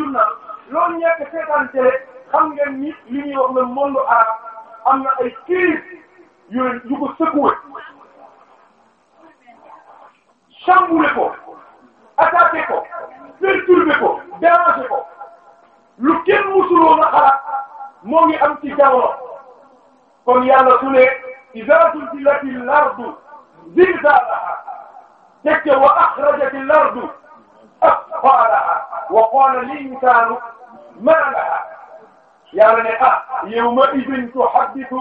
jur na loolu ñàkk xam ngeen ni li ñuy wax le monde arabe am na ay crise yu yu ko secoué chamboulé ko attaqué ko perturbé ko dérangé ko lu kenn musuloon a xalaat moo am ci jamono kon yàlla su ne iza zulzilati l-ardu zilzalaha tekk wa akhrajati l-ardu asqalaha wa qaala al insaanu maa lahaa yàlla ne ah yawma'idin tuhaddithu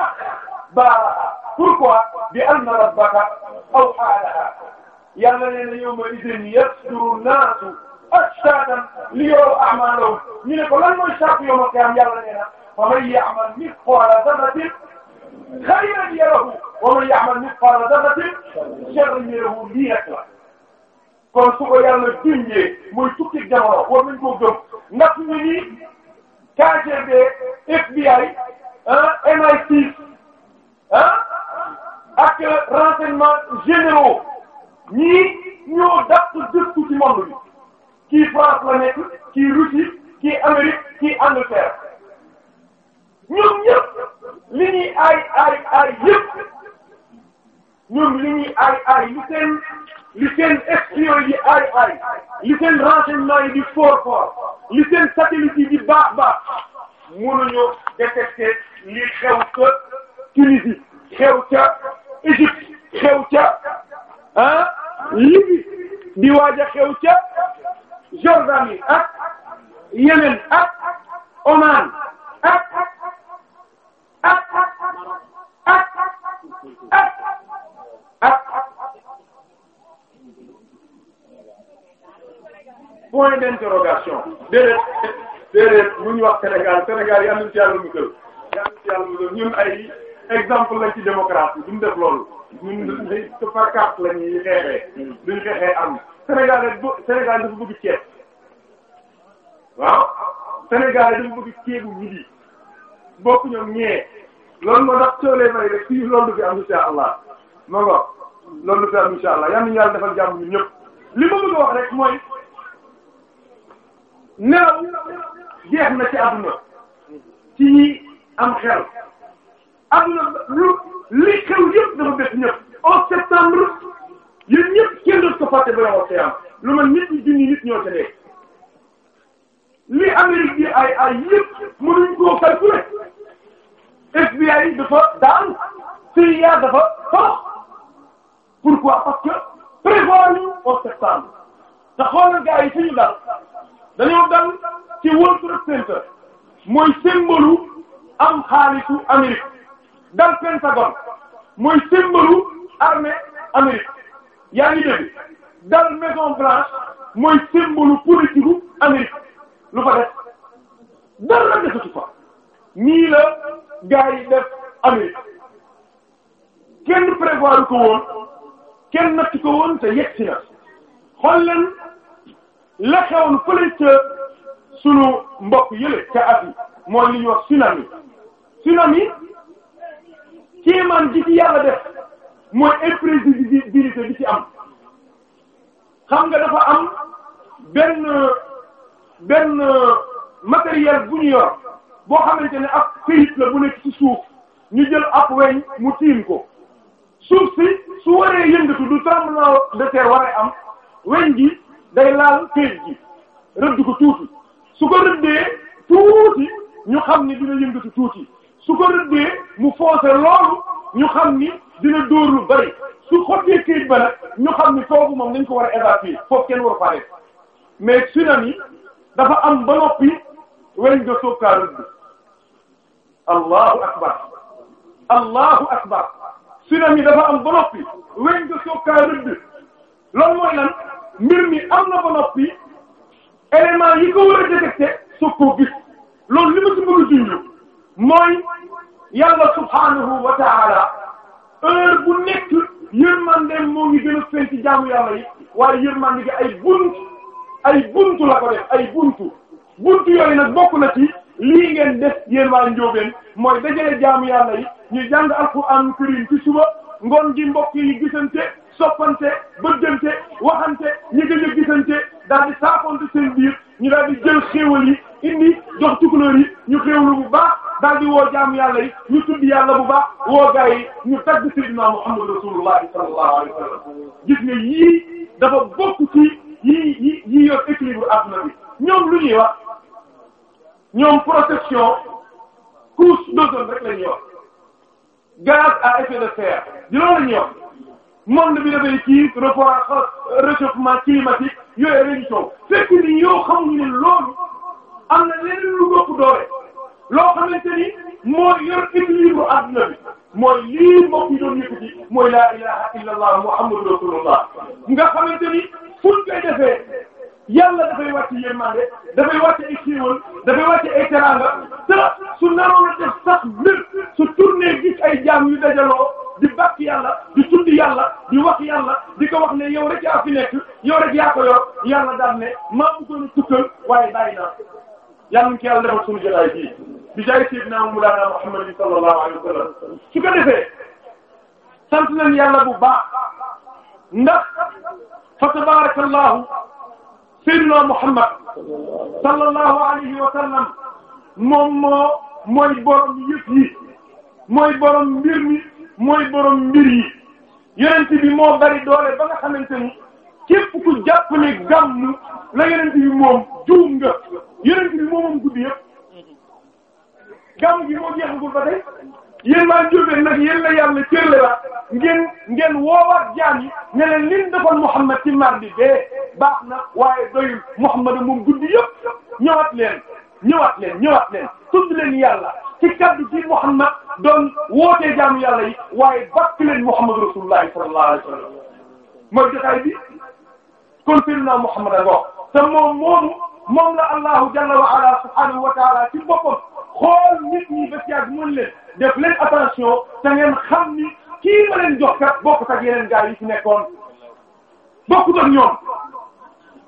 axbaarahaa pourquoi bi anna rabbaka awhaa lahaa yàlla ne ne yawma'idin yasduru an-naasu ashtaatan li yaru a'maalahum ñu ne ko lan mooy sàkk yawmal qiyaama yàlla ne na fa man ya'mal mithqaala dharratin khayran yarahu wa man ya'mal mithqaala dharratin sharran yarahu lii rek la kon su ko yàlla junjee muy tukki jamono war nañ koo gëm ndax ñu ni KGB FBI ah MI6 ah ak renseignements généraux ñii ñoo dàq gëstu ci monde bi kii France la nekk kii Russie kii Amérique kii Angleterre ñoom ñëpp li ñuy aay aay aay yëpp ñoom li ñuy aay aay li seen li seen espion yi aay aay li seen renseignement yi di fort fort li seen satellite yi di baax baax mënuñu détecter li xew ca Tunisie xew ca Égypte xew ca ah Libye di waaj a xew ca Jordanie ak Yémen ak Oman point d'interrogation déedéet déedéet bu ñu wax Sénégal Sénégal yi am nañu ci yàlla mu kër yàlla ci yàlla mu kër ñun ay exemple lañ ci démocratie duñ def loolu ñun dañ ko par carte la ñuy xeexee duñ xeexee am Sénégal rek bu Sénégal dafa bëgg ceeb waaw Sénégal dafa bëgg ceebu midi bokk ñoom ñee loolu moo tax coolee may rek fii loolu fi am insha allah ma nga loolu fi am insha allah yal nañu yàlla defal jàmm ñun ñëpp li ma bëgg a wax rek mooy. nelaw jeex na ci adduna ci ñi am xel adduna lu li xew yëpp dafa bett ñëpp en septembre yéen ñëpp kenn doot ko fàtte ba yow am lu man nit ñi junni nit ñoo ca dee li Amérique bi ay ay yëpp mënuñ koo calculer FBI dafa daan CIA dafa forox pourquoi parce que prévoir ñu en septembre te xoolal gars yi suñu dal dañoo dal ci World Trade Center mooy symbole am xaalisu Amérique dal Pentagone mooy symbole armée Amérique yaa ngi dégg dal Maison Blanche mooy symbole politique Amérique lu fa def dara desatu fa nii la gars def Amérique kenn prévoir ko woon kenn natt ko woon te yegg si na la xewoon fële ca sunu mbokk yële ca at yi mooy li ñuy wax tsunami tsunami ci yàlla def mooy imprévisibilité bi ci am xam nga dafa am benn benn matériel bu ñu yor boo xamante ne ab këyit bu nekk ci suuf ñu jël ab weñ mu tiim ko suuf si su waree yëngatu du tremblement de terre waree am weñ gi day laal page gi rëdd ko tuuti su ko rëddee tuuti ñu xam ni dina yëngatu tuuti su ko rëddee mu foncé loolu ñu xam ni dina dóor lu bari su xottee kayit ba nag ñu xam ni foofu moom dañ ko war a évacuer foofu kenn war faa def mais tsunami dafa am ba noppi weñ nga soog kaa rëdd allahu am ba loolu mooy lan mbir mi am na ba noppi élément yi ko war a détecté soo ko gis loolu li ma ci bëgg a junj mooy yàlla subhaanahu wa taala heure bu nekk yërmande moo ngi gën feeñ ci jaamu yàlla yi waaye yërmande gi ay buntu ay buntu la ko def ay buntu buntu yooyu nag bokk na ci lii ngeen def yéen waa njóobeen mooy dajale jaamu yàlla yi ñu jàng alxuraanul karim ci suba ngoon gi mbokk yi gisante. soppante bëggante waxante ñi gëj a gisante daal di saafonte seen biir ñu daal di jël xéewal yi indi jox tukulóor yi ñu xéewlu bu baax daal di woo jaamu yàlla yi ñu tudd yàlla bu baax woo gaa yi ñu tagg sayyidina Muhammad rasulullah sallallahu alayhi wa gis nga yii dafa bokk ci yii yi yii yor équilibre adduna bi ñoom lu ñuy wax ñoom protection couche d'ozone rek la ñuy wax à effet de serre di loolu la monde bi dafay ci rapport réchauffement climatique yooyu dañuy coow fekk ni yoo xamuñu ne loolu am na leneen lu ëpp doole loo xamante mooy yor équilibre adduna bi mooy lii mbokk yi doon yëkkati mooy laa ilaha illa allah muhammadu rasulullah nga koy defee yàlla dafay wàcc yërmande dafay wàcc ay xéewal dafay wàcc ay te su naroon a sax mbir su tourné gis ay jaam yu dajaloo. di bàkk yàlla di tudd yàlla di wax yàlla di ko ne yow rek yaa fi yow rek yaa ko yor ne maa bëggoon a su ko defee sant nañ yàlla bu baax ndax fa tabarakallahu sayyidina Muhammad sallallahu alayhi wa sallam moom moo mooy borom yëpp yi mooy borom mooy borom mbir yi yonent bi moo bari doole ba nga xamante ni képp ku jàpp ne gàmm la yonent bi moom juum nga yonent bi moomam guddi yëpp gàmm gi moo jeexagul ba tey yéen waa Ndiobène nag yéen la yàlla cërle waat ngeen ngeen woowaat jaam ne leen liñ defoon Muhammad ci mardi bee baax na waaye doyul Muhammad moom guddi yëpp ñëwaat leen. ñëwaat leen ñëwaat leen tudd leen yàlla ci kaddu ci Muhammad doon wootee jaamu yàlla yi waaye bakk leen Muhammad rasulullah sallallahu alayhi wa sallam mooy jotaay bi kon Seydina Muhammad a ngox te moom moomu moom la Allahu jalla wa ala subhanahu wa taala ci boppam xool nit ñi ba yàgg mën leen def leen attention te ngeen xam ni kii ma leen jox kat bokkut ak yeneen gaay fi nekkoon bokkut ak ñoom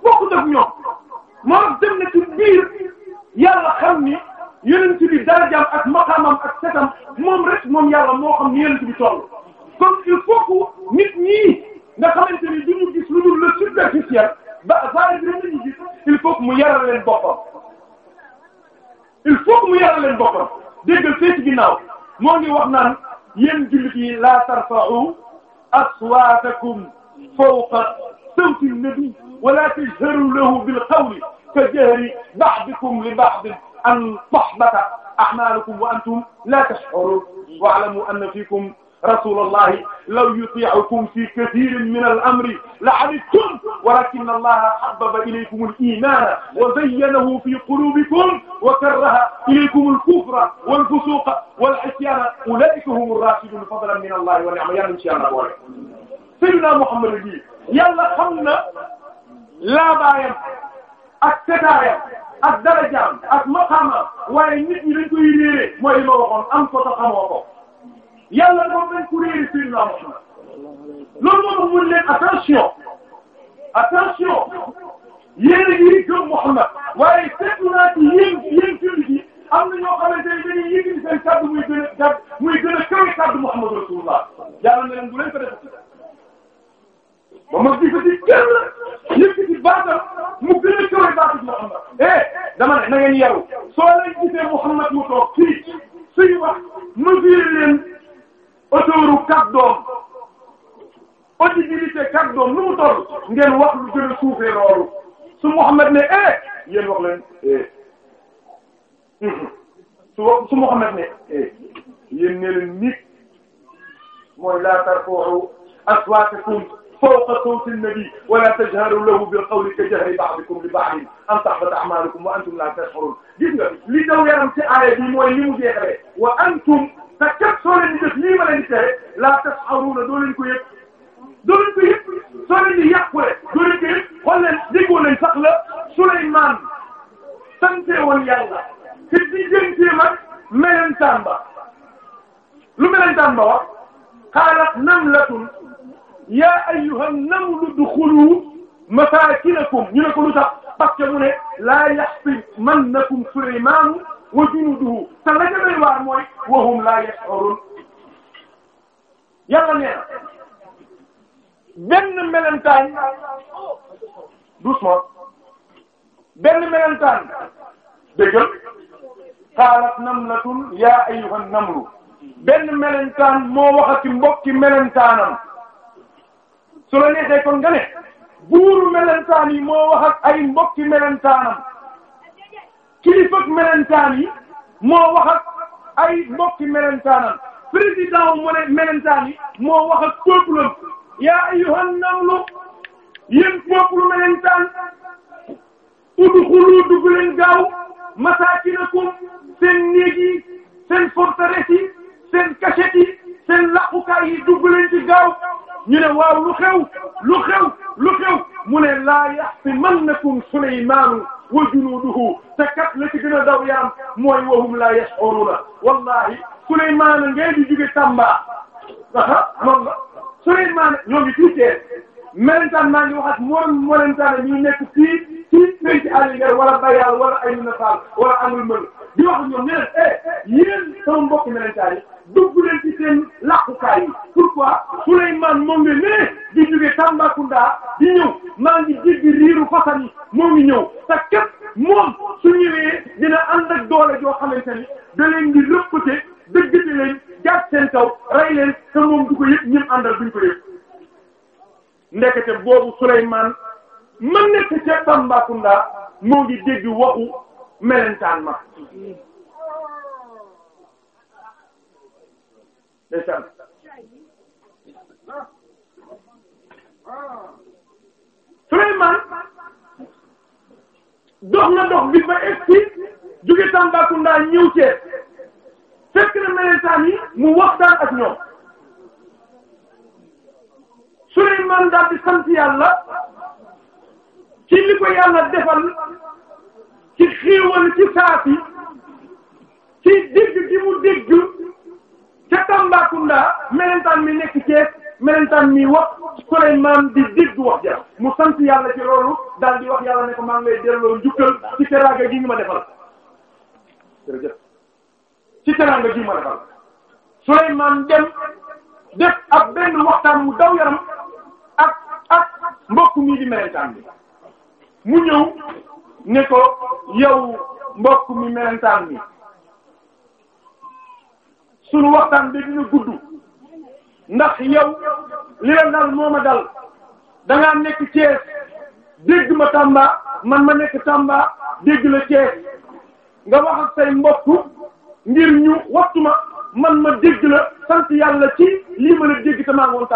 bokkut ak ñoom moom dem na yàlla xam ni yonent bi darajaam ak maqaamam ak setam moom rek moom yàlla moo xam ni yonent bi toll kon il faut que nit ñi nga xamante ni du ñu gis lu dul le superficiel ba zahir bi lañu gis il faut que mu yaral leen boppam il faut que mu yaral leen boppam déggal fee ci ginnaaw moo ngi wax naan yéen jullit yi la tarfa'u aswaatakum fawqa sawti nabi wala tajharu lahu bil qawli ka jahri ba'dikum li ba'din an tahbata a'malukum wa antum la tash'urun wa'lamu anna fikum rasulallahi law yuti'ukum fi kathirin min al-amri la'anittum walakinna allaha habbaba ilaykum al-imana wa zayyanahu fi qulubikum wa karraha ilaykum al-kufra wal-fusuqa wal-'isyana ulaika hum ar-rashidun fadlan min allahi wa ni'ma yàlla incha allah boole. Sayyidina Muhammad bi yàlla xam na laabaayam ak setaareem ak darajaam ak maqaamam waaye nit ñi dañ koy réere mooy li ma waxoon am ko te xamoo ko yàlla moom dañ ko réere seen la moom loolu moo mun leen attention attention yéen a ngi Muhammad waaye seetlu naa ci yéen yi am na ñoo xamante ne dañuy yëngu seen kaddu muy gën a kaddu muy gën a kawe Muhammad Rasulullah yàlla na leen bu leen ko moom ak ko di gërëm la yëkkati baatam mu gën a kawe baatam Muhammad eh dama ne na ngeen yaru soo leen gisee mu toog fii suy wax mesure leen autoru kàddoom audibilité kàddoom mu toll ngeen wax lu gën suufee loolu su Muhammad ne eh yéen wax leen eh su Muhammad ne eh yéen ne nit mooy laa tarfa'u aswaatakum فوق صوت النبي ولا تجهروا له بالقول كجهر بعضكم لبعض أن تحبط أعمالكم وأنتم لا تشعرون gis nga li daw yaram ci aaya bi mooy li mu jeexalee wa antum te kat soo leen di def lii ma leen di tere laa tash'uruuna doo leen ko yëg doo leen ko yëg soo leen di yàqule doo leen ko yëg xool leen déggoo leen sax la Souleymane sante woon yàlla te digganteem ak melentaan ba lu melentaan ba wax xaalat namlatun yaa ayyuha namlu duxulu masaakinakum ñu ne ko lu tax parce que mu ne laa yaxtimannakum sulaymaanu wa junuduhu te la ca doy waar mooy wa hum laa yash'uruun yàlla nee na benn melentaan doucement benn melentaan dëggal qaalat namlatun yaa ayyuha namlu benn melentaan moo wax ak mbokki melentaanam su la neexee kon nga ne buuru melentaan yi moo wax ak ay mbokki melentaanam kilifak melentaan yi moo wax ak ay mbokki melentaanam président mu ne melentaan yi moo wax ak peuple yaa ayyuhan nawlu yéen peuple melentaan udxulu dugg leen gaaw masaakinakum seen néeg yi seen forteresse yi seen cachette yi seen laqukaay yi dugg leen ci gaaw ñu ne waaw lu xew lu xew lu mu ne la yahtimannakum Sulaymaanu wa junuuduhu te kat la ci gën a daw yaram mooy wahum laa yash'uruuna wallahi Sulaymaan ngay di jóge Tamba aha moom la Sulaymaan ñoo ngi fii Thiès melentaan maa ngi waxat moom melentaan ñu nekk fii fii fii ci Aliou wala Bayal wala Aymina Fall wala Amul Mën di wax ñoom ñu ne eh yéen yi dugg leen Souleymane moo ngi ne di jóge Tambacounda di ñëw maa ngi dégg riiru fasan yi moo ngi ñëw te képp moom su ñëwee dina ànd ak doole joo xamante ni da leen di rëppate dëggate leen jàpp seen kaw rey leen te moom du ko yëg ñim àndal duñ ko yëg ndekete boobu Souleymane ma nekk ca Tambacounda moo ngi dégg waxu melentaan ma. Souleymane dox na dox bi ba egsi jóge Tambacounda ñëw Thiès fekk na melentaan yi mu waxtaan ak ñoom Souleymane daal di sant yàlla ci li ko yàlla defal ci xéewal ci saati ci dégg gi mu dégg ca Tambacounda melentaan mi nekk Thiès melentaan mi wax Souleymane di digg wax ja mu sant yàlla ci loolu daal di wax yàlla ne ko maa ngi lay delloo njukkal ci teraanga gi nga ma defal jërëjëf ci teraanga gi ma defal Souleymane dem def ab benn waxtaan mu daw yaram ak ak mbokk mi di melentaan bi mu ñëw ne ko yow mbokk mi melentaan bi sunu waxtaan bi dina gudd ndax yow li la dal moo ma dal da ngaa nekk Thiès dégg ma Tamba man ma nekk Tamba dégg la Thiès nga wax ak say mbokk ngir ñu wattu man ma dégg la sant yàlla ci lii ma la dégg te maa ngi woon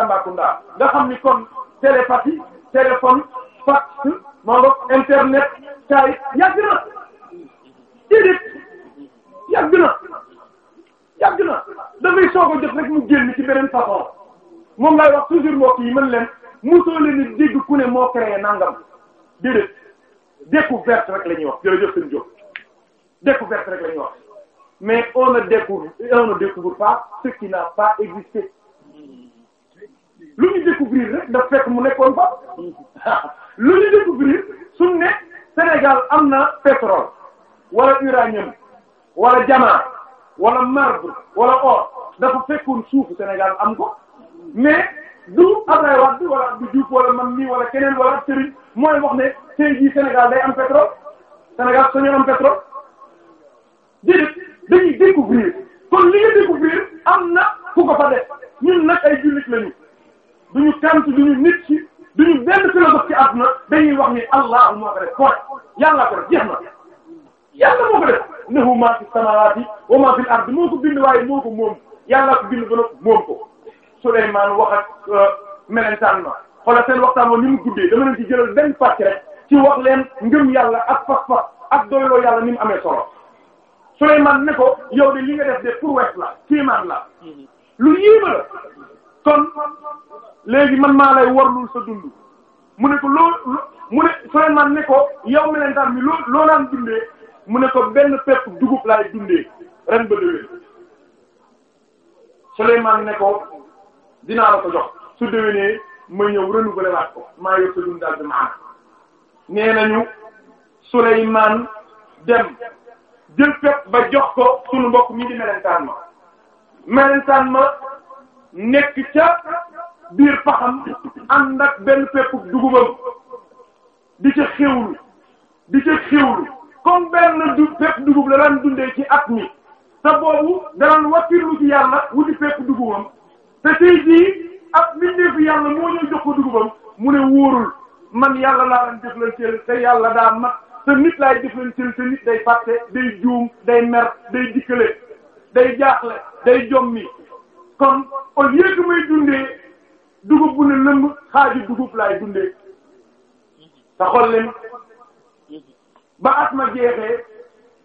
nga xam ni kon télépathie téléphone fax maa bokk internet saa yàgg na déedéet yàgg na yàgg na dafay soog a jot rek mu génn ci beneen façon moom lay wax toujours mbokk yi mën leen mosoo leen di dégg ku ne moo créé nangam déedéet découverte rek la ñuy wax jërëjëf seen jóg découverte rek la wax mais on ne découvre on ne découvre pas ce qui lu ñu découvrir rek daf fekk mu nekkoon fa lu ñu découvrir suñ ne Sénégal am na pétrole wala uranium wala diamant wala marbre wala or dafa fekkoon suufu Sénégal am ko mais du Abdoulaye Wade wala Abdou Diouf wala man mii wala keneen wala Serigne mooy wax ne tey jii Sénégal day am pétrole Sénégal sañu am pétrole dañuy découvrir kon li nga découvrir am na ku ko fa def ñun nag ay jullit lañu duñu kant duñu nit ci duñu benn philosophe ci àdduna dañuy wax ni Allah moo ko def yàlla ko jeex na. yàlla moo ko def lahu ma fi samawati wa ma fil ard moo ko bind waaye moo ko moom yàlla ko bind ba moom ko Souleymane wax ak euh, melentaan ma xoolal seen waxtaan woon ni mu guddee dama leen ci jëlal benn pàcc rek ci wax leen ngëm yàlla ak fas-fas ak doyloo yàlla ni mu amee solo Souleymane ne ko yow de li nga def de pour wet la kiimaan la lu yéeme la kon léegi man maa lay warlul sa dund mu ne ko loo mu ne Souleymane ne ko yow melentaan mi loo mu ne ko benn pepp dugub laay dundee ren ba déwén Souleymane ne ko dinaa la ko jox su déwénee ma ñëw renouveler waat ko maa yor sa dund daal di maana nee nañu Souleymane dem jël pepp ba jox ko sunu mbokk mi di melentaan ma melentaan ma nekk ca biir paxam ànd ak benn pepp dugubam di ca xewlu di ca xewlu comme benn du pepp dugub la daan dundee ci at mi sa boobu daan wakkirlu ci yàlla wuti pepp dugubam te tey jii ab mbindeefu yàlla moo ñëw jox ko dugubam mu ne wóorul man yàlla laa daan jëflanteel te yàlla daa mat te nit laay jëflanteel te nit day fàtte day juum day mer day dikkale day jaaxle day jommi kon au lieu que may dundee dugub bu ne lëmb xaaju dugub laay dundee te xool ba at ma jeexee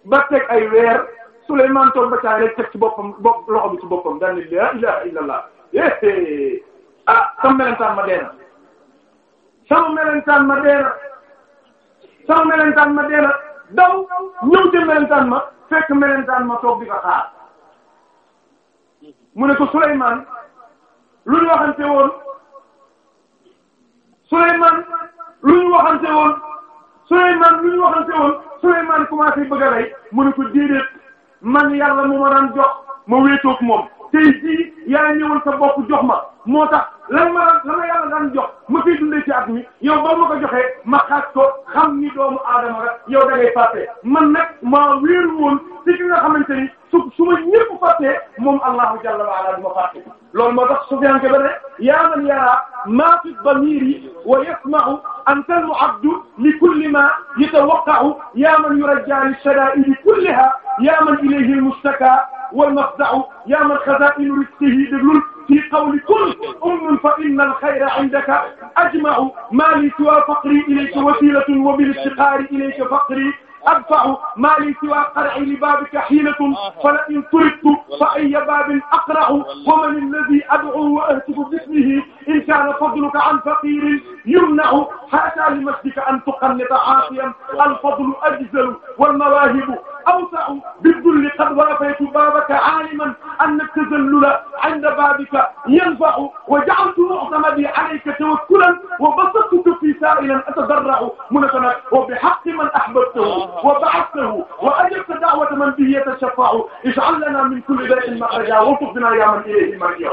ba teg ay weer Souleymane toog ba caa rek teg ci boppam bopp loxo bi ci boppam daan ne la ilaha illallah eh ah sama melentaan ma dee na sama melentaan ma dee na sama melentaan ma dee na daw ñëw ca melentaan ma fekk melentaan ma toog di ko xaar mu ne ko Souleymane lu ñu waxante woon Souleymane lu ñu waxante woon. Souleymane lu ñu waxante woon Souleymane commencé bëgg a rey mu ne ko déedéet man yàlla mu ma daan jox ma wéetoog moom tey jii yaa ñëwal sa bopp jox ma moo tax lan ma lan la ma yàlla daan jox ma fiy dundee ci at mi yow ba ma ko joxee ma xaaj ko xam ni doomu aadama rek yow da ngay fàtte man nag maa wéeru woon ci ki nga xamante ni su su ma ñëpp fàttee moom allahu jalla wa ala duma fàtte loolu moo tax Sufyaan ke ba ne yaa man yara maa fi damiri wa yasma'u an talu abdu li kulli ma yatawaqqa'u yaa man yurajja li shadaa'idi kulliha yaa man ilayhi al-mustaka wal mafza'u yaa man xazaa'inu rizqihi déglul fi qawli kun ummun fa inna al-xayra indaka ajma'u maa li siwa faqri ilayka wasilatun wa bil-iftiqaari ilayka faqri أدفع ما لي سوى قرعي لبابك حيلة فلئن طردت فأي باب أقرع ومن الذي أدعو وأهتف باسمه إن كان فضلك عن فقير يمنع حتى لمجدك أن تقنط عاصيا الفضل أجزل والمواهب أوسع بالذل قد وافيت بابك عالما أن التذلل عند بابك ينفع وجعلت معتمدي عليك توكلا وبسطتك في سائلا أتضرع منفنا وبحق من أحببته وبعثته وأجبت دعوة من به يتشفع اجعل لنا من كل داء مخرجا والطف بنا يا من إليه مرجع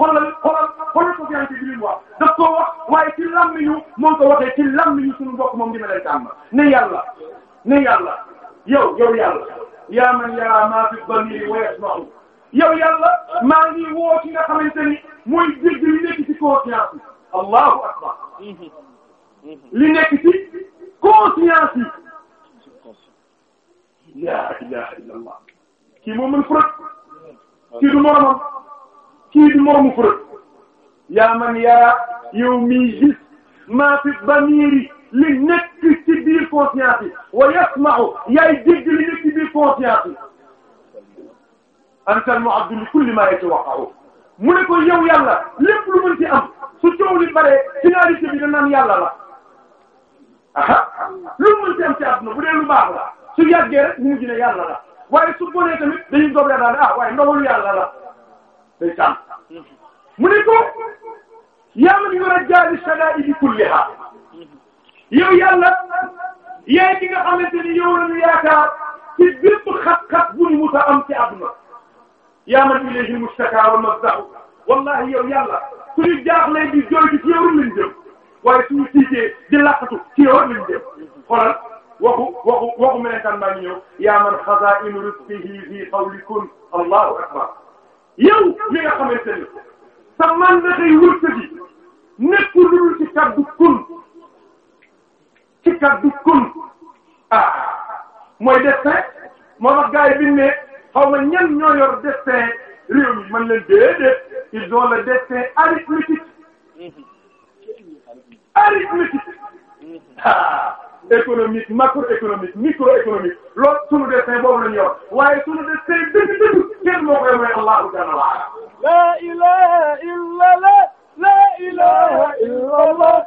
xoolal xoolal xoolal ko gerte gi li mu wax daf koo wax waaye ci lammiñu moo ko waxee ci lammiñu suñu mbokk moom dina lay tàmm ne yàlla ne yàlla yow yow yàlla yaa man yaa maa fi damiri wa yasma'u yow yàlla maa ngi woo ci nga xamante ni mooy dégg li nekk ci conscience yi allahu akbar li nekk ci conscience yi la ilaha illa allah kii moo mën frot kii du moromam kii du moromu frot yaa man yaa yow mii gis maa fi damiri li nekk ci biir conscience yi wa yasma'u yaay dégg li nekk ci biir conscience yi antal li kulli ma yatawaqa'u mu ne ko yow yàlla lépp lu mën ci am su coow li bare finalité bi da naan yàlla la aha lu mën ci am ci àdduna bu dee lu baax la su yàggee rek mu mujj la waaye su bonee tamit dañuy doble daal ah waaye ndogalu yàlla la day sàmm mu ne ko yaa man yura jaali shadaa'idi kulliha yow yàlla yaay ki nga xamante ni yow la ñu yaakaar ci bépp xat-xat bu ñu mës a am ci àdduna yaa man ilayhi mustaka wa mazdahu wallahi yow yàlla suñu jaaxlee di jooytu ci yow lañ jëm waaye suñu tiitee di laqatu ci yow lañ jëm xoolal waxu waxu waxu melentaan baa ngi ñëw yaa man xazaa'inu rizqihi fi qawlikum allahu akbar yow mi nga xamante ni sa man na xëy wërsëg yi nekkul lu dul ci kaddu kun ci kaddu kun ah mooy destin moo tax gars yi biñ ne xaw ma ñenn ñoo yor destin réew mi man leen déedéet ils ont le destin arithmétique arithmétique ah économique macroéconomique microéconomique loolu sunu destin boobu la ñu yor waaye sunu destin dëgg-dëgg kenn moo koy may Allahu ta'ala la ilaha illa Allah la ilaha illa Allah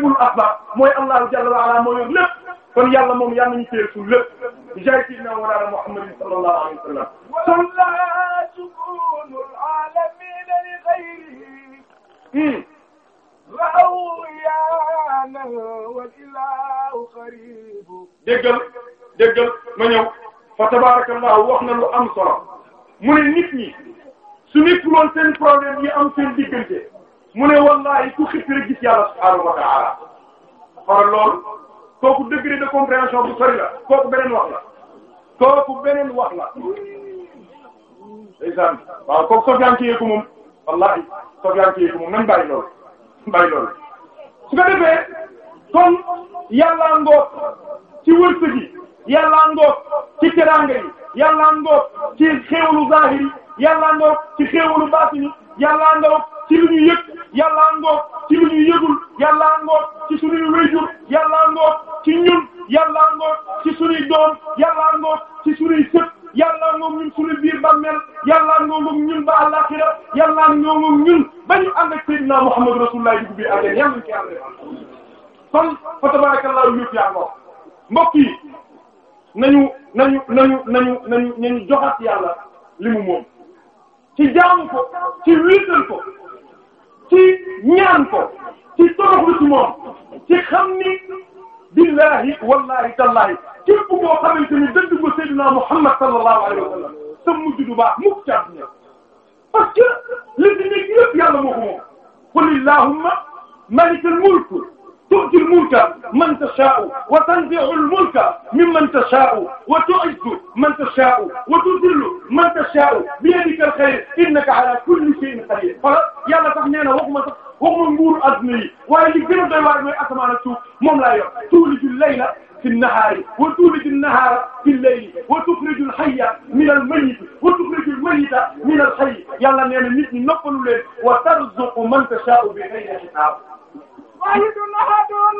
musabbibul asbab mooy allahu jalla wa ala moo yor lépp kon yàlla moom yàlla nañu téye suuf lépp jaay ci na wala muhammadin sallallahu alayhi wa sallam kon la sukunul alamin li ghayrihi wa awyaana wal ilahu qarib déggal déggal ma ñëw fa tabarakallahu wax na lu am solo mu ne nit ñi su nekkuloon seen problème yi am seen diggante mu ne wallahi ku xippi rek gis yàlla subhaanahu wa ta'ala xoolal loolu kooku degré de compréhension bu sori la kooku beneen wax la kooku beneen wax la ndeysaan waaw ci yeeku wallahi Sofyaan ci yeeku moom nañ bàyyi loolu bàyyi loolu su ko defee kon yàllaa ngoog ci wërsëg yi yàllaa ci ci xéewalu zahiri yàllaa ngoog ci xéewalu baatini yàllaa ci lu ñu yëg yàllaa ngoog ci lu ñu yëgul yàllaa ngoog ci suñuy wéyjur yàllaa ngoog ci ñun yàllaa ngoog ci suñuy doom yàllaa ngoog ci suñuy sët yàllaa ngoog ñun suñu biir bàmmeel yàllaa ngoog ñun ba àllaxira yàllaa ngoog ñun ba ñu ànd ak sayyidina Muhammad rasulullah dugg biir ànd ak yàlla ñu ci ànd kon fa tabarakallahu yëpp yaa ngoog mbokk yi nañu nañu nañu nañu nañu nañu joxaat yàlla li mu moom ci jaamu ko ci wiital ko ci ñaan ko ci toroxlu ci moom ci xam ni billahi wallahi tallahi képp koo xamante ni dëgg nga Seydina Muhammad sallallahu alayhi wa sallam sa mujj du baax mukk ci àdduna parce que qul allahumma malikal mulk تؤتي الملك من تشاء وتنزع الملك ممن تشاء وتعز من تشاء وتذل من تشاء بيدك الخير انك على كل شيء قدير xala yàlla sax nee na waxuma sax waxuma nguuru adduna yi waaye li gën a doy waar mooy asamaan ak suuf moom laa yor tuuliju layla fi nnahaari wa tuuliju nnahaara fi llayli wa tukhriju lhayya min almayyiti wa tukhriju lmayyita min alhayyi yàlla nee na nit ñi noppalu leen wa tarzuqu man tasha'u bi ghayri hisaab wahidun ahadun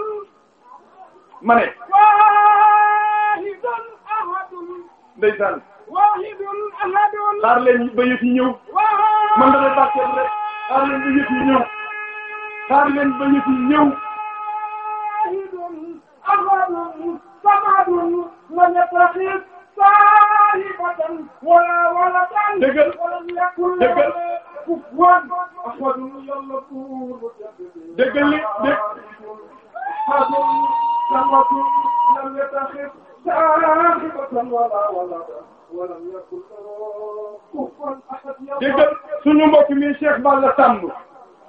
ma ne wahidun ahadun ndeysaan wahidun ahadun xaar yi ñëw man damay bàkkeel rek xaar leen yi ñëw xaar leen ba yëf yi ñëw wahidun ahadun samadun lam yattakhid sahibatan wala walatan dëggal dëggal déggal li dégg déggal suñu mbokk mi Cheikh Balla Samb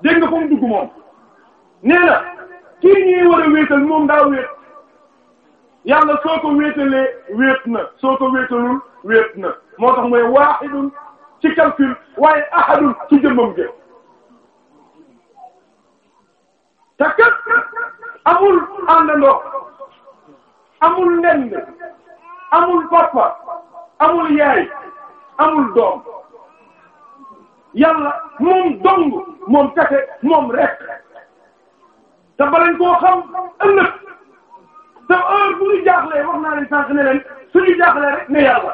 dégg nga fa mu dugg moom nee kii ñuy war a wéetal moom daa wéet yàlla soo ko wéetalee wéet na soo ko moo tax mooy waaxidun ci calcul waaye ahadun ci jëmmam jëf te kat amul àndandoo amul nenn amul papa amul yaay amul doom yàlla moom dong moom kese moom rek te balañ koo xam ëllëg te heure bu ñu jaaxlee wax naa leen sànq ne leen suñu jaaxlee rek ne yàlla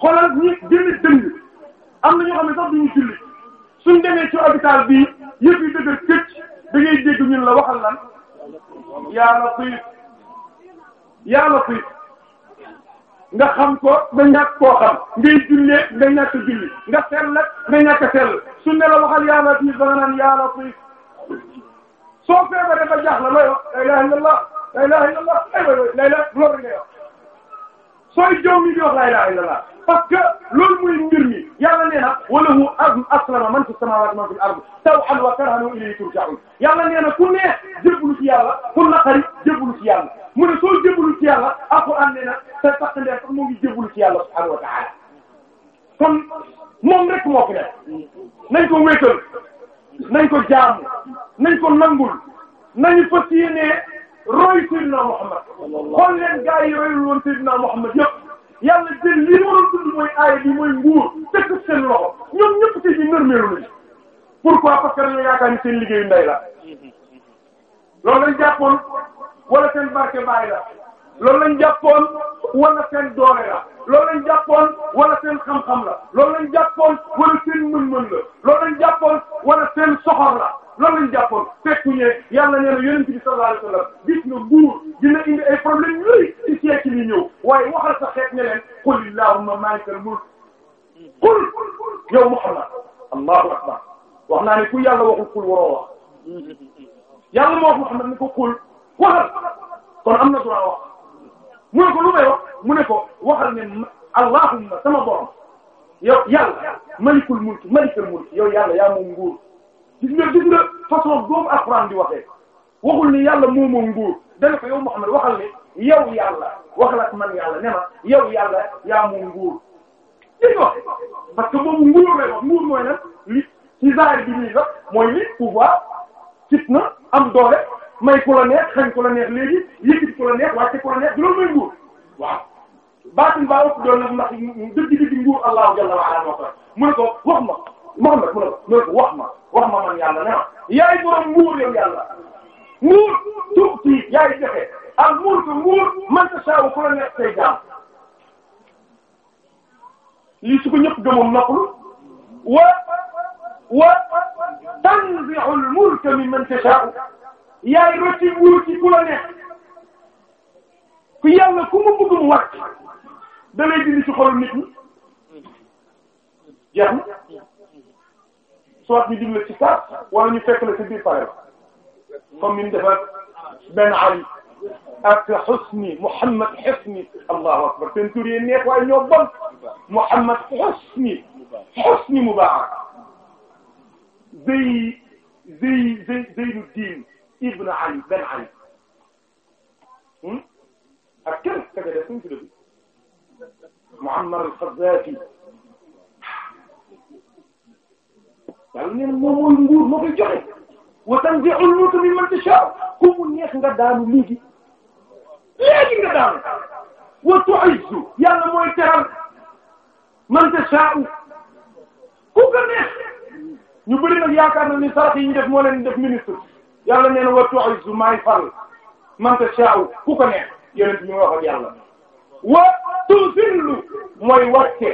xoolal ñi jënd dëng am na ñoo xam ne sax duñu julli suñ demee ci hôpital bii yëpp yi dëgër këcc da ngay dégg ñun la waxal lan yaa latif yaa latif nga xam ko nga ñàkk koo xam ngay jullee nga ñàkk julli nga sell nga ñàkk sell su la waxal yaa latif ba nga naan yaa latif soo feebaree ba jaaxle looy la ilaha illallah la ilaha illallah aywa la ilaha loolu nga sooy joomi di la ilaha illallah parce que loolu muy mbir mi yàlla nee na walahu aslama man fi samawati man fi al-ard tawhan wa karhan ilayhi turja'un yàlla nee na ku neex jébbalu ci yàlla ku naqari jébbalu ci yàlla mu ne soo ci yàlla alquran nee na te sax ndee sax moo ngi ci yàlla subhanahu wa ta'ala kon moom rek moo fi nekk nañ ko wéetal ko jaamu nañ ko nangul nañu fas yéenee roy Seydina Muhammad xool leen gaa yi royul Seydina Muhammad yëpp yàlla jël lii waroon tudd mooy aaya bi mooy nguur teg seen loxo ñoom ñëpp ci ñu nërmeelu lañu pourquoi parce que dañoo yaakaar ni seen liggéeyu ndey la loolu lañ jàppoon wala seen barke baay la loolu lañ jàppoon wala seen doole la loolu lañ jàppoon wala seen xam-xam la loolu lañ jàppoon wala seen mën-mën la loolu lañ jàppoon wala seen soxor la loolu lañ jàppoon fekku ñu yàlla nee na yonent bi sallallahu alayhi wasallam gis nga buur dina indi ay problème yooyu ci siècle yi ñëw waaye waxal sa xeet ne leen qul allahumma malikal mulk qul yow Muhammad allahu akbar wax naa ne ku yàlla waxul qul waroo wax yàlla moo wax Muhammad ni ko qul waxal na mu ne ko wax mu ne ko waxal ne allahumma sama borom yow yàlla malikul mulk malikul mulk yow yàlla yaa moom nguur gis nga gis nga façon doomu di waxee waxul ni yàlla moo moom nguur dana ko yow Muhammad waxal ni yow yàlla waxal ak man yàlla ne ma yow yàlla yaa moom nguur li wax boobu nguur lay wax nguur mooy nag li ci zaahir bi ñuy wax mooy li pouvoir fitna am doole may ku la neex xañ ku la neex léegi yëkkati ku la neex wàcce ku la neex loolu mooy nguur waaw baatin baa ëpp doon nag ndax dëgg-dëgg nguur allahu jalla wa ala wa mu ne wax ma Muhammad mu ne ko mu ne ko wax ma wax ma man yàlla ne ma yaay borom nguur yow yàlla nguur tuuti yaay joxe al mulku nguur man tashaa'u ku la neex say jaam lii su ko ñëpp gëmoon noppalu wa wa tanzi'u al mulka mimman tashaa'u yaay rëcci wuur ci ku la neex ku yàlla ku mu bëgg mu wàcc da lay dindi ci xolum nit ñi jeex na soit ñu dimla ci kaas wala ñu fekk la ci biir pare comme min defa benn Ali ak Husni Muhammad Husni allahu akbar seen tur yi neex waaye ñoo bon Muhammad Husni Husni Mubarak Zey Zey Zey Zeynuddin ibn ali benn ali hmm? ak kenn kaka def suñ tudd Muammar al-Qaddafi yàlla neen moom mooy nguur moo koy joxe wa tanzi'ul mulka mimman tashaa ku mu neex nga daanu léegi léegi nga daanu wa tu'izzu yàlla mooy teral man tashaa ku ko neex ñu bëri nag yaakaar na ni sarax yi ñu def moo leen def ministre yàlla nee na wa tu'izzu maay fal man tasha'u ku ko neex yonent bi wax ak yàlla wa tuzillu mooy wàcce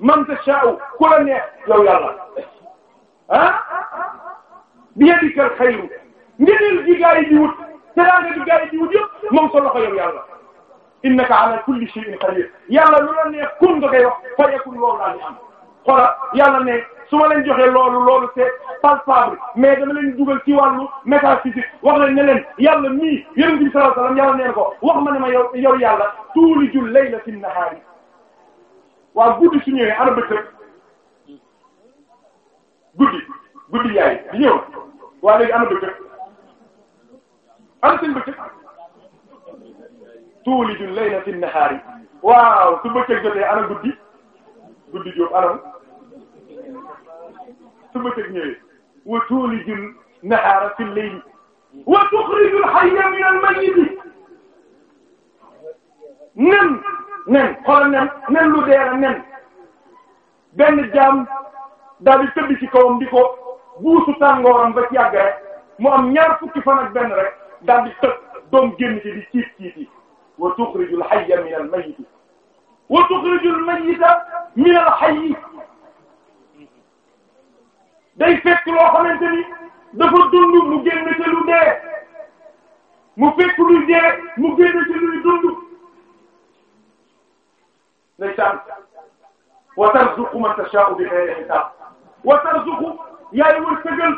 man tasha'u ku la neex yow yàlla ah biyadika alxayru ngëneel gi gaa yi di wut teraanga gi gaa yi di wut yëpp moom sa loxo yow yàlla innaka ala kulli shay'in qadir yàlla lu la neex kun nga koy wax fa yakun loolu laa di am xora yàlla ne su ma leen joxee loolu loolu c'est palpable mais dama leen dugal ci wàllu métaphysique wax leen ne leen yàlla mii yonent bi sallallahu alayhi yàlla neen ko wax ma ne ma yow yow yàlla tuulijul layla fi nahaari waaw guddi su ñëwee ana bëccëg guddi guddi yaay di ñëw waaw léegi ana bëccëg ana seen bëccëg tuulijul layla fi waaw su bëccëg jotee ana guddi guddi jóob anam su bëccëg ñëwee wa tuulijul nahaara fil layli wa tuxrijul hayya minal mayyiti nen nen xoolal nen nen lu dee la nen benn jaam daal di tëdd ci kawam di ko buusu tàngooram ba ci yàgg rek mu am ñaar fukki fan ak benn rek daal di tëb doom génn ci di ciit ciit yi wa tuxrijul hayya minal mayyiti wa tuxrijul mayyita min al hayy day fekk loo xamante ni dafa dund mu génn lu dee mu fekk lu dee mu génn ci luy dund ndeysaan wa tarzuqu man tasha'u bi ghayri hisab wa tarzuqu yaay wërsëgal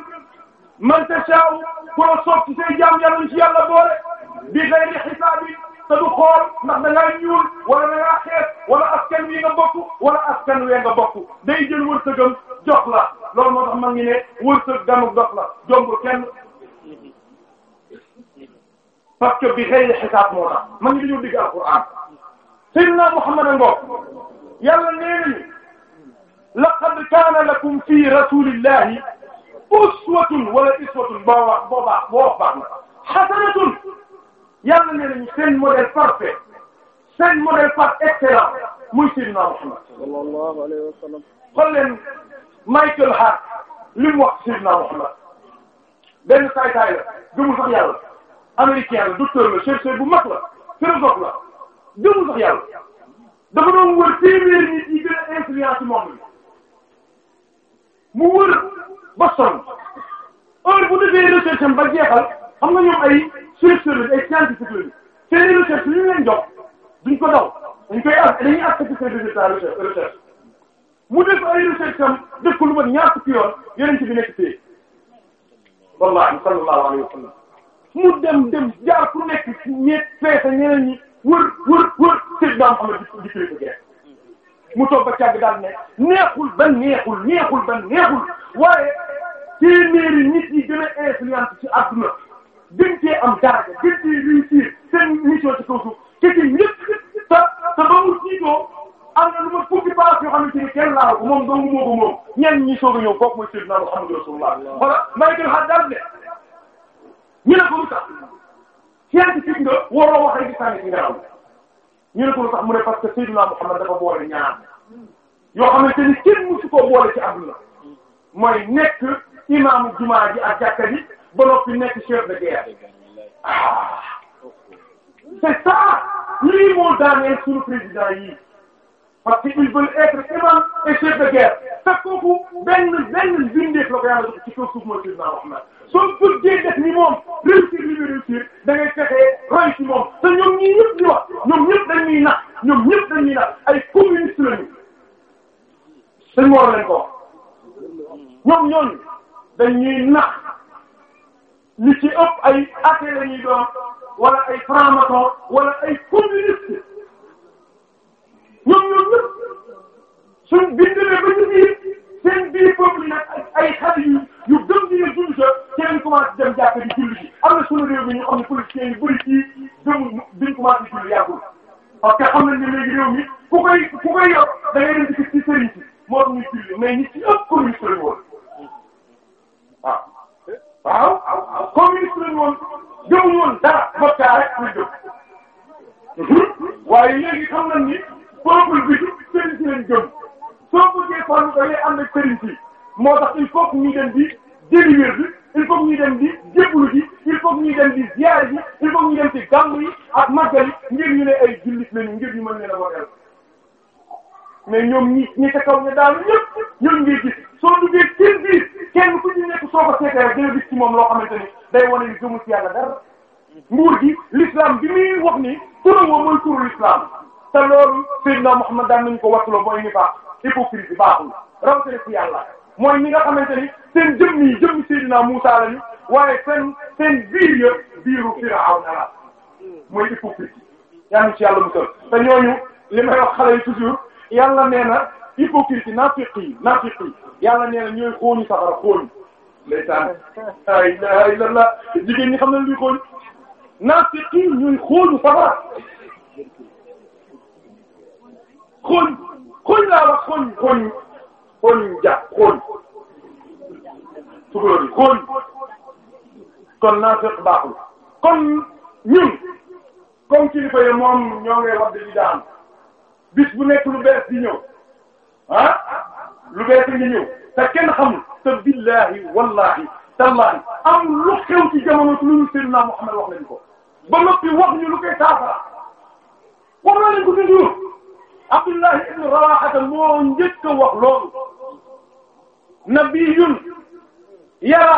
man tasha'u ku la sopp ci say jaam yàlla ci yàlla boole bi ghayri hisab te du xool ndax da ngaa ñuul wala da ngaa xees wala askan wi nga bokk wala askan wee nga bokk day jël wërsëgam jox la loolu moo tax ma ngi ne wërsëg ganu jox la jombul kenn parce que bi xëy na xisaab moo tax ma ngi dañoo digg alquran sayyidina Muhammad a ngoog yàlla nee nañu laqad kaana lakum fi rasulillahi uswatun wala iswatun boo wax boo baax boo wax baax na hasanatun yàlla ne nañu seen modèle parfait seen modèle par excellence muy Seydina Muhammad sallallahu alayhi wa sallam xool Michael Hart li mu wax Seydina Muhammad benn saay-saay la gëmul la docteur la chercheur bu mag la philosophe la gëmul sax yàlla dafa doon wër téeméer nit yi gën a influence ci monde bi mu wër ba sonn structure bi day scientifique la ñu seen recherche ñu leen jox duñ ko daw dañ koy am dañuy accepté seen résultat recherche mu def ay recherche am def ko lu mat ñaar fukki yoon yeneen ci bi nekk téye wallahi sallallahu alayhi wa mu dem dem jaar ku nekk ñeent feete ñeneen ñi wër wër wër sëñ Ba Mouhamed di di di mu toog ba càgg daal ne neexul ba neexul neexul ba neexul waaye téeméeri nit yi gën a influence ci àdduna gën cee am daraja gën cee réussir seen mission ci kaw suuf te ci ñëpp te te ba mu jiitoo am na lu ma fukki place yoo xamante ko a ne ñu parce que Seydina Muhammad yoo xamante ni kenn mësu koo boole ci àdduna mooy nekk imaamu jumaa ji ak jàkka ji ba noppi nekk chef de guerre ah c'est ça lii moo daaneel suñu président yi parce que ils veulent être imam et chef de guerre te kooku benn benn bindeef la ko yàlla def ci kaw suuf mooy président Muhammad soo bëggee def ni moom réussir li muy réussir da ngay fexee roy ci moom te ñoom ñii ñëpp di wax ñoom ñëpp dañuy nax ñoom ñëpp dañuy nax ay communiste lañu dañ waroon leen ko wax ñoom ñooñu dañuy nax li ci ëpp ay athée la ñuy doon wala ay franc-maçon wala ay communiste ñoom ñoom ñëpp suñ bindalee ba ñu biir seen biir peuple nag ay xale yu yu gëm ñu ne jullit ca seen commencé dem jàpp am na sunu réew mi ñu xam daan nañ ko wattuloo mooy nifaaq hypocrisie baaxul rawatina ci yàlla mooy ñi nga xamante ni seen jëmm yi jëmm Seydina Muusaa la ni sen seen seen biir ya biiru Firawna la mooy hypocrisie yàlla ci yàlla musal te ñooñu li may wax xale yi toujours yàlla nee na hypocrisie naafiq yi naafiq yi yàlla nee na ñooy xooñu safara xooñu lay tànn ay la ay la la jigéen ñi xam nañ luy xooñ naafiq yi ñooy xooñu safara xooñ xooñ laa wax xooñ xooñ xooñ ja xooñ tukulóor yi xooñ kon naa fekk baaxul kon ñun comme kilifa yi moom ñoo ngay wax dañuy daan lu bees di ñëw ah lu bees di ñëw te kenn xamul te billahi wallahi tallahi am lu xew ci jamono ci lu ñu Seydina Muhammad wax nañu ko ba noppi wax ñu lu koy saafara rawaxata moo njëkk a wax loolu nabiyun yara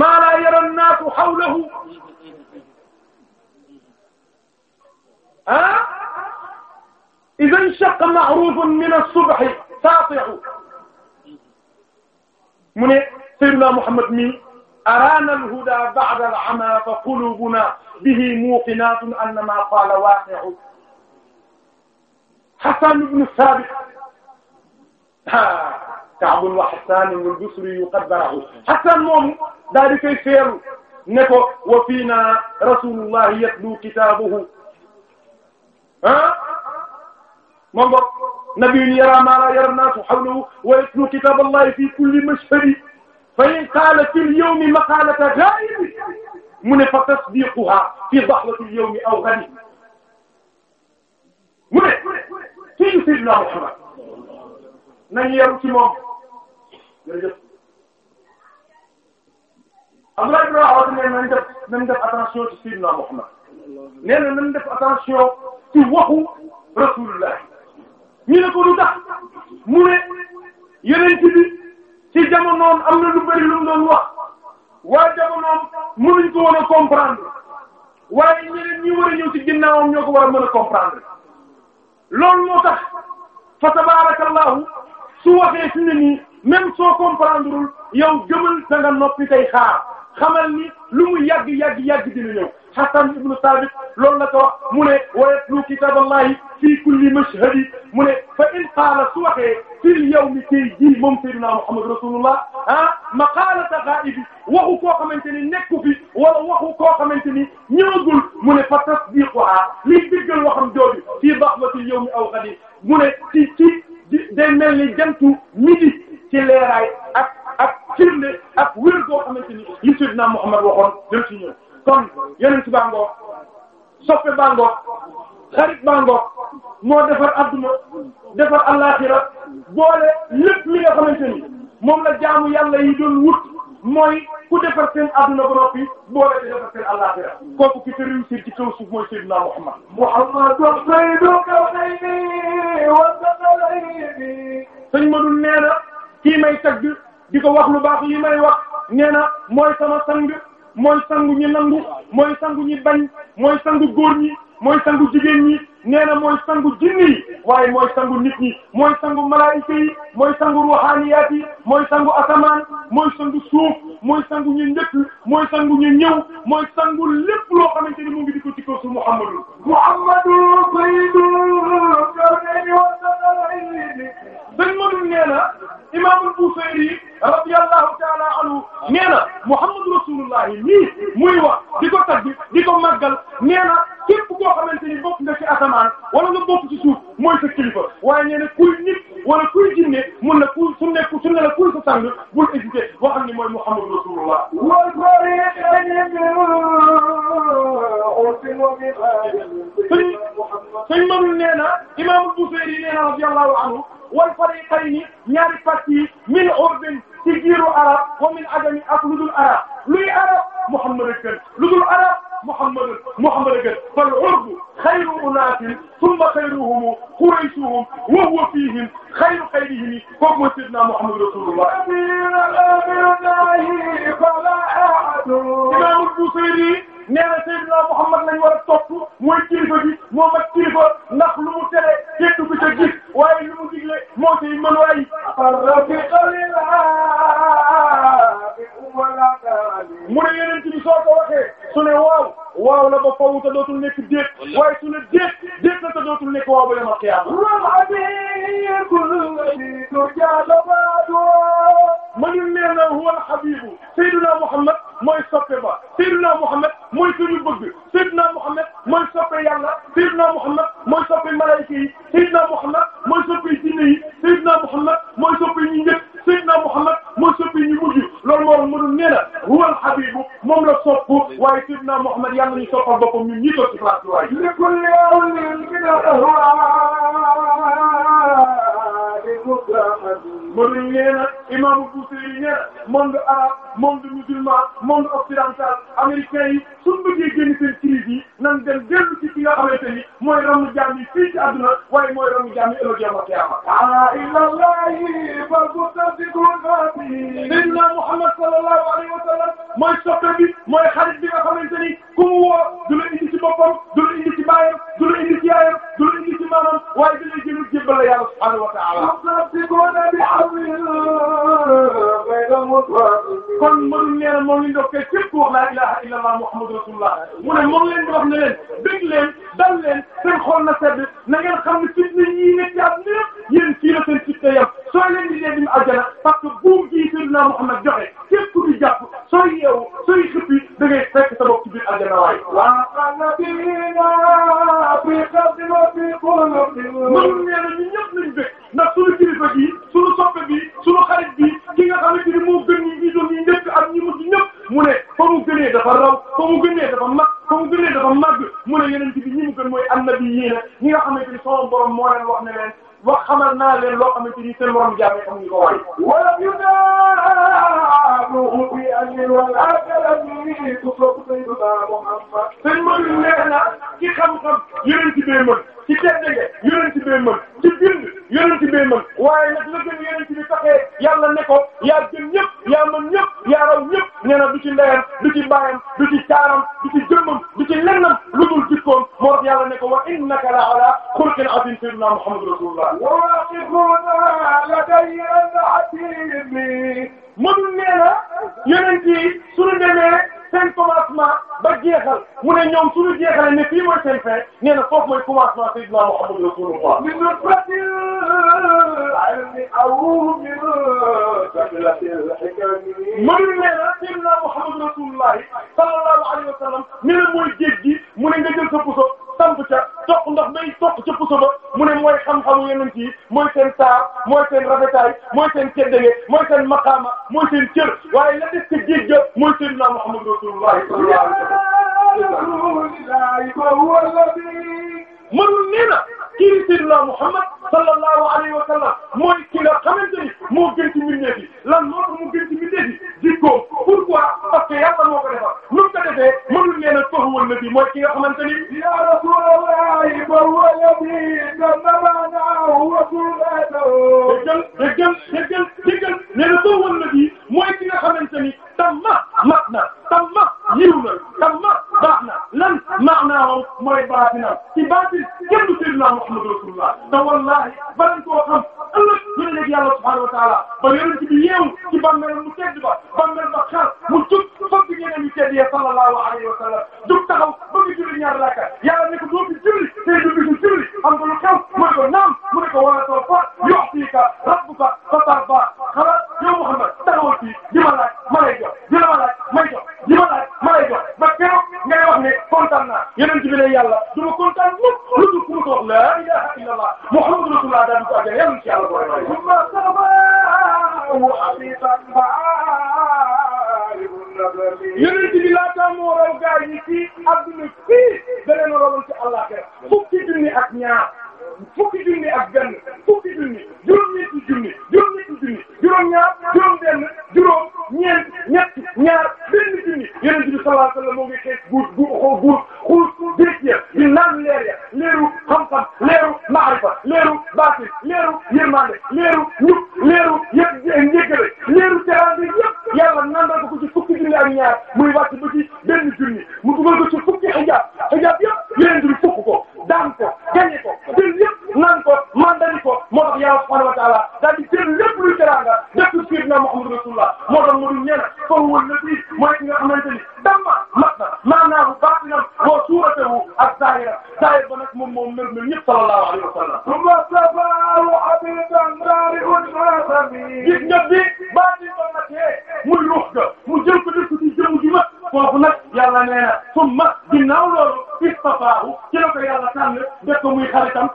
maa laa yara naasu xawlahu ah ida nchaqa maarufun min alsubahi saatihu mu ne sayyiduna Muhammad mi araana alhuda ba'da al'ama fa qulubuna bihi muuqinaatun annama qaala waaqi'u Hassan ibn Sabit Kaabun wa Hassan al-Basri yuqaddarahu Hassan moomu daa di koy feeru ne ko wa fiina Rasulullah yatlu kitaabahu ah moom boog nabiyyun yara maa laa yara naasu hawlahu wa yatlu kitaaballahi fi kulli mashhad fa in qaala fil yawmi maqaalata ghaa'ib mu ne fa tasdiiquhaa fi dahwati al-yawmi aw ghadin mu ne fii Seydina Muhammad nañ yem ci moom jërëjëf Abdoulaye Diouf wax dëgg yàlla nañ def nañ def attention ci Seydina Muhammad na nañ def attention ci waxu Rasulullah ñu ne ko lu mu ne yeneen ci ci jamonoom am na lu bari lu ko war a waaye ñeneen ñi war a ñëw ci ginnaawam ñoo ko war a mën a loolu moo tax fa tabarakallahu su waxee fi ne nii so soo comprendreul yow gëmal da nga i tey xaar xamal ni lu mu yàgg yàgg yàgg dina ñëw Hasan ibnu Sabit loolu la ko wax mu ne wayatlu kitaballahi fi kulli mashhadi mu ne fa in qaala su waxee fil yawmi tey jii moom sayyidina Muhammad rasulullah ah maqaalata ghaa'ibi waxu koo xamante ni nekku fi wala waxu koo xamante ni ñëwagul mu ne fa tasdiquha liy diggal waxam jooju fii baxwatil yawmi aw ghadi mu ne ci ci day mel ni jantu midi ci leeraay ak ak firnde ak wér boo xamante ni li Seydina Muhammad waxoon dem ci ñëw kon yeneen ci bàngoor soppe bàngoor xarit bàngoor moo defar adduna defar àllaxira boole lépp li nga xamante ni moom la jaamu yàlla yi doon wut mooy ku defar seen adduna ba noppi boole te defar seen àllaxira kooku ki te réussir ci kaw suuf mooy Seydina Muhammad Muhammad sayyiduka xayri wa salaybi sëñ Madou nee na kii may tagg di ko wax lu baax yi may wax nee na mooy sama sang mooy sangu ñi nangu mooy sangu ñi bañ mooy sangu góor ñi mooy sangu jigéen ñi nee na mooy sangu jinni yi waaye mooy sangu nit mooy sangu malaayika yi mooy sangu ruhaniyaat yi mooy sangu asamaan mooy sangu suuf mooy sangu ñu njëkk mooy sangu ñu ñëw mooy sangu lépp loo xamante ni mu ngi di ko ci kaw su Muhammadu Muhammadu sayyidu kawni wa sallallahu alayhi wa sallam. Sëñ Madou nee na Imaamul Busayri radiyallahu ta'ala anhu nee na Muhammadu rasulullah nii muy wax di ko tagg di ko màggal nee na képp koo xamante ni bokk nga ci asamaan wala nga bokk ci suuf mooy sa kilifa waaye nee na kuy nit wala kuy jinne mun na ku su nekk su ne la kuy sa sang bul hésiter waxal ni mooy Muhammadu rasulullah sëñ sëñ Maodo nee na Imaam Busiri nee na radiyallahu anhu wal fariqayni ñaari parti yi min urdin ci giiru arab wa min ajami ak lu dul arab luy arab Muhammad a gën lu dul arab Muhammad Muhammad a gën fal urdu xayru unaasin summa xayruhum quraysuhum wa huwa fiihim xayru xayrihim kooku mooy Seydina Muhammad rasulullah Imaam Busayri nee na Seydina Muhammad lañ war a topp mooy kilifa bi moo mat kilifa ndax lu mu tere képp ku ca gis waaye li mu digle moo ci mën waay. mu ne yeneen bi soo ko waxee su ne waaw waaw la ba faww te dootul nekk déet waaye su ne déet déet la te dootul nekk waaw ba demal xiyaama. mënul nee na huwa al-habibu Seydina Muhammad mooy soppe ba Seydina Muhammad mooy suñu bëgg Seydina Muhammad mooy soppe yàlla Seydina Muhammad mooy soppe malaayika yi Seydina moom la sopp waaye Seydina Muhammad yàlla ñu soppal boppam ñun ñi toog ci place bi waaye. li kulli awlin min al-ahwaa'i mukramadun. mënuñ nee na imaamu Busiri nee na monde arabe monde musulman monde occidental américain yi suñu bëggee génn seen crise yi nan dem dellu ci ki nga xamante ni mooy ramu jaam yi fii ci àdduna waaye mooy ramu jaam yi ëllëg yawmal qiyaama. ci këyam soo leen di leen di mu àjjana parce que buum ji Seydina Muhammad joxe képp ku di jàpp sooy yeewu sooy xëppi da ngay fekk sa bopp ci biir àjjana waaye. waaw xanaa bii naa fi xam ne moom bii xoolal bi. moom nee na ñun ñëpp nañu bëgg. borom jàmm yi amuñu ko moom nee na yonent yi suñu demee seen commencement ba jeexal mu ne ñoom suñu a ne fii mooy seen fin nee na foofu mooy commencement Sayyidina Muhammad Rasulullah taar mooy seen rafetaay mooy seen teddage mooy seen maqaama mooy seen cër waaye la des ci géej ga mooy seen na Muhammad Rasulullah sallallahu alayhi wa sallam mënul nee na kii Seydina Muhammad sallallahu alayhi wa sallam mooy ki nga xamante ni moo gën ci mbir mi lan moo tax mu gën moo ko defar nu mu ko defee mënul leen a tëxuwal na bi mooy ki nga xamante ni. ya rasulallahi ba wala bi damanaa wa sunnatahu. da jël da jël da jël nee na tëxuwal na bi mooy ki nga xamante ni tamma mat na tamma yiw na tamma baax na lan maanaam mooy baatina ci baatin kenn du Sayyidina Muhammad rasulullah te wallahi ثم صفاه عبيدا دارئ العالم gis nga bi baal di ko natee muy ruux ga mu jël ko def ko ci jëmu ji ma foofu nag yàlla nee na summa ginnaaw loolu istafaahu ci la ko yàlla tànn def ko muy xaritam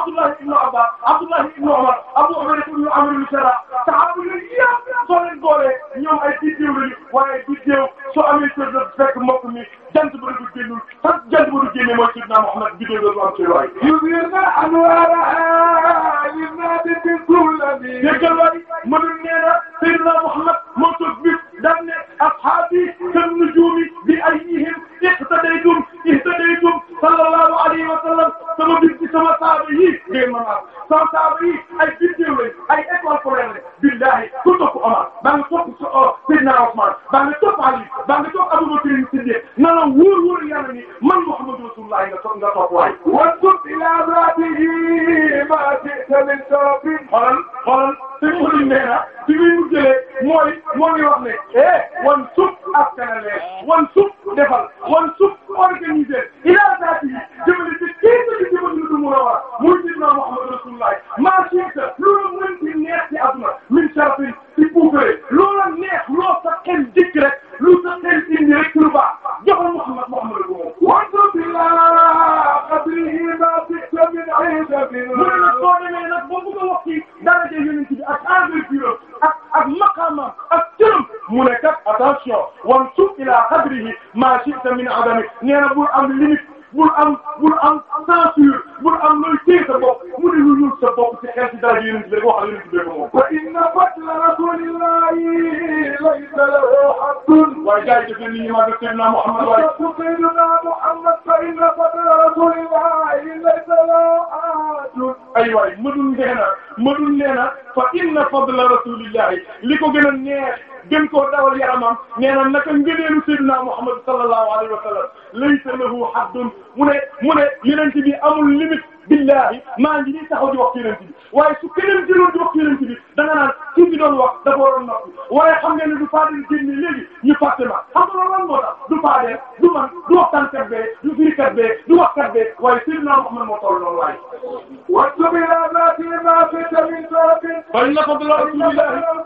Abdullah ibn Abbas Abdullah ibn Umar Abu Ubayda ibn Amr ibn Shara saxaaba yooyu yëpp soo leen boolee ñoom ay biddew lañu waaye biddew soo amee seen dëkk fekk mbokk mi jant ba du génnul sax jant ba du génne mooy Seydina Muhammad biddew la du am ci waay. koo dawal yaramam nee na naka ngëneelu sayyidina Muhammad sallallahu alayhi wa sallam laysa lahu haddun mu ne mu ne yeneen bi amul limite billahi maa ngi nii taxaw di wax ci yonent bi waaye su keneen jëloon di wax ci yonent bi da nga naan kii bi doon wax dafa waroon noppi waaye xam ngeen ne du faadee génne léegi ñu fàtte ma xam nga loolu lan moo tax du faadee du man du waxtaan kat bee du firi kat bee du wax kat bee waaye Seydina Muhammad moo toll noonu waaye. wa subira ma fi ma fi tamit baafin. bañ na ko bi loolu suñu laaj. dañ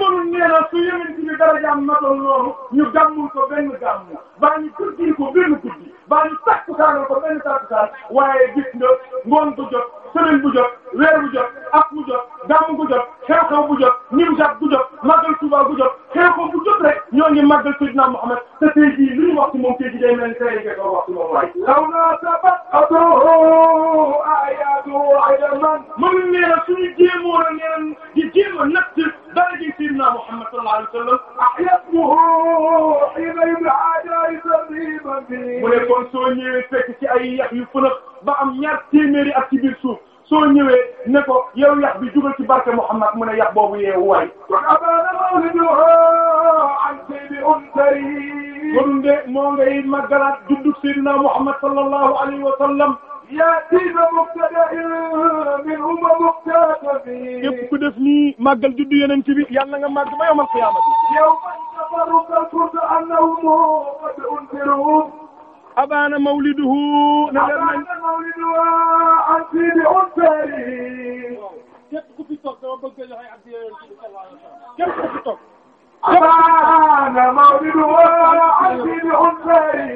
mënul nee na su yonent bi darajaam matal noonu ñu gàmmul ko benn gàmmu baa ñu tuddil ko benn guddi baa ñu takkusaan ko benn takkusaan waaye gis nga ngoon ko jot. semaine bu jot weer bu jot at bu jot gàmm bu jot xew-xew bu jot nimjat bu jot màggal Tuuba bu jot xew-xew bu jot rek ñoo ngi màggal Seydina Muhammad te tey jii li ñu wax ci moom tey jii day mel ni tey jii wax ci moom waaye. xaw naa sabat atoo ayatu aydaman mënuñ nee na suñu jéemoo la nee na di jéem a natt dara ji Seydina Muhammad sallallahu alayhi wa sallam ahyatuhu xiina yubla ajaay sabiban bi mu ne kon soo ñëwee fekk ci ay yax yu fënëx ba am ñaar téeméeri ak ci biir suuf soo ñëwee ne ko yow yax bi dugal ci barke Muhammad mu ne yax boobu yeewu waay. kon de moo ngay magalaat dundu Seydina Muhammad sallallahu alayhi wa sallam. yaa diina mubtada min umma mubtada bi. képp ku def nii màggal juddu yonent bi yàlla nga màgg ba yawmal qiyaamati. yow man tafarruqa annahu qad unziru abaana mawliduhu ne leer nañ képp ku fi toog dama bëgg a joxe addiya Yonent bi sallallahu alayhi wasallam képp ku fi toog abaana mawliduhu asidi usari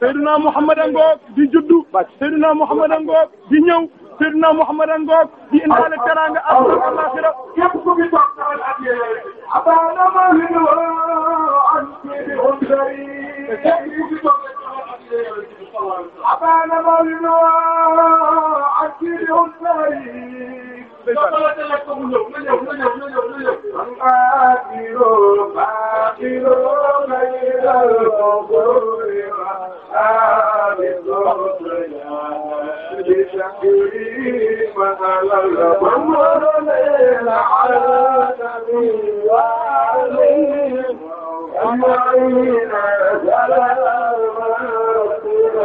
Seydina Muhammad ngoog di juddu Seydina Muhammad ngoog di ñëw Seydina Muhammad ngoog di indaale teraanga àdduna àllaaxira képp ku fi toog dama addiya abaana mawliduhu asidi usari أبانا مولنا عسير حسين آخر آخر غير القبور بشكري مثل القمر للعالمين وعليم أجمعين سلام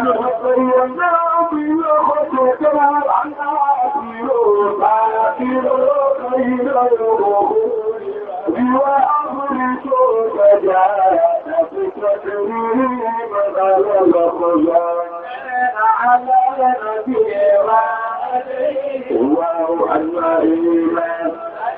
Wow, I'm not even.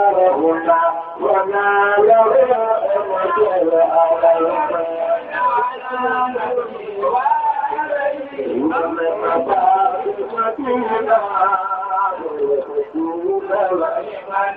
نورهما وما له أمثل عليهما إنما مبارك فيها والحدود والإيمان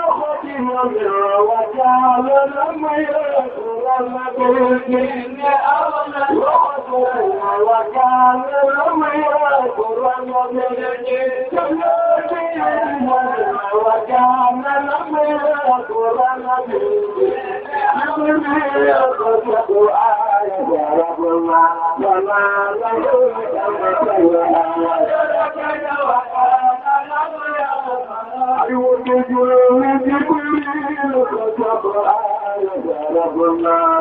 وجعل لم يكرم بالدين أولا وجعل لم يكرم بالدين وجعل لم يكرم بالدين وما له من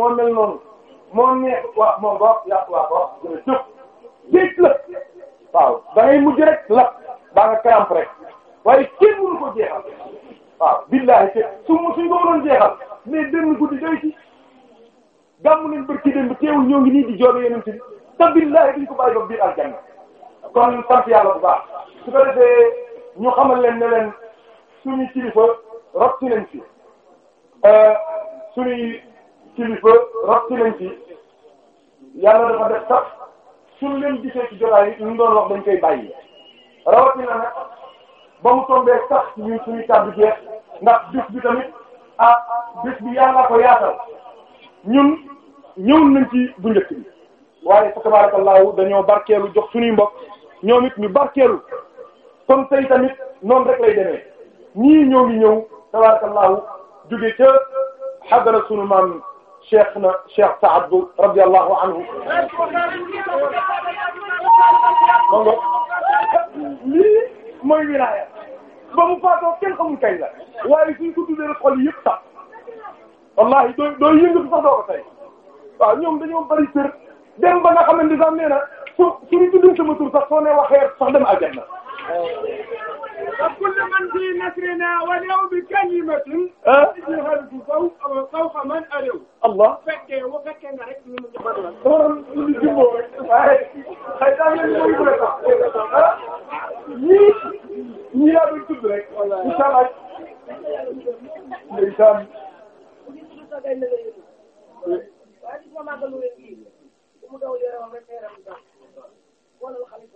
moo mel noonu moo neex waa moo ngoog yaa waa ngoog jërëjëf géej la waaw da ngay mujj rek la baa nga crampe rek waaye kenn mënu ko jeexal waaw billahi su ma suñ ko mënoon jeexal mais benn guddi doy ci gàmm nañ bër ci démb teewul ñoo ngi nii di joobe yeneen ci te billahi duñ ko bàyyi ba biir aljanna kon sant yàlla bu baax su ko defee ñu xamal leen ne leen suñu kilifa si ci nañ fi euh, suñuy kilifa rafet nañ ci yàlla dafa def sax suñ leen gisee ci jotaay yi ñu doon wax dañ koy bàyyi rawatina nag ba mu tombee sax ñun suñu kàddu jeex ndax bés bi tamit ah bés bi yàlla ko yaatal ñun ñëwoon nañ ci bu njëkk bi waaye fa tabarakallahu dañoo barkeelu jox suñuy mbokk ñoom ñu barkeelu kon tey tamit noonu rek lay demee ñii ñoo ngi ñëw tabarakallahu jóge ca xadara sunu maam cheikh na cheikh Saad Bou radiyallahu anhu moom la lii mooy wilaaya ba mu faatoo kenn xamul kay la waaye suñ ko tuddee rek xol yëpp tax wallaahi doo doo yëngatu sax doo ko tey waaw ñoom dañoo bari cër dem ba nga xamante ne sax nee na su suñu tuddee sama tur sax soo nee waxee sax dem aljanna وكل من في نثرنا ولو بكلمة يجهل فوق فوق من ألو الله fekkee bu fekkee ne rek ñu jëfal la. ñu jubóo rek. waaye xëy na ñu ngi koy sax. ñii ñii laa doon tudd rek. incha allah. ndeysaan.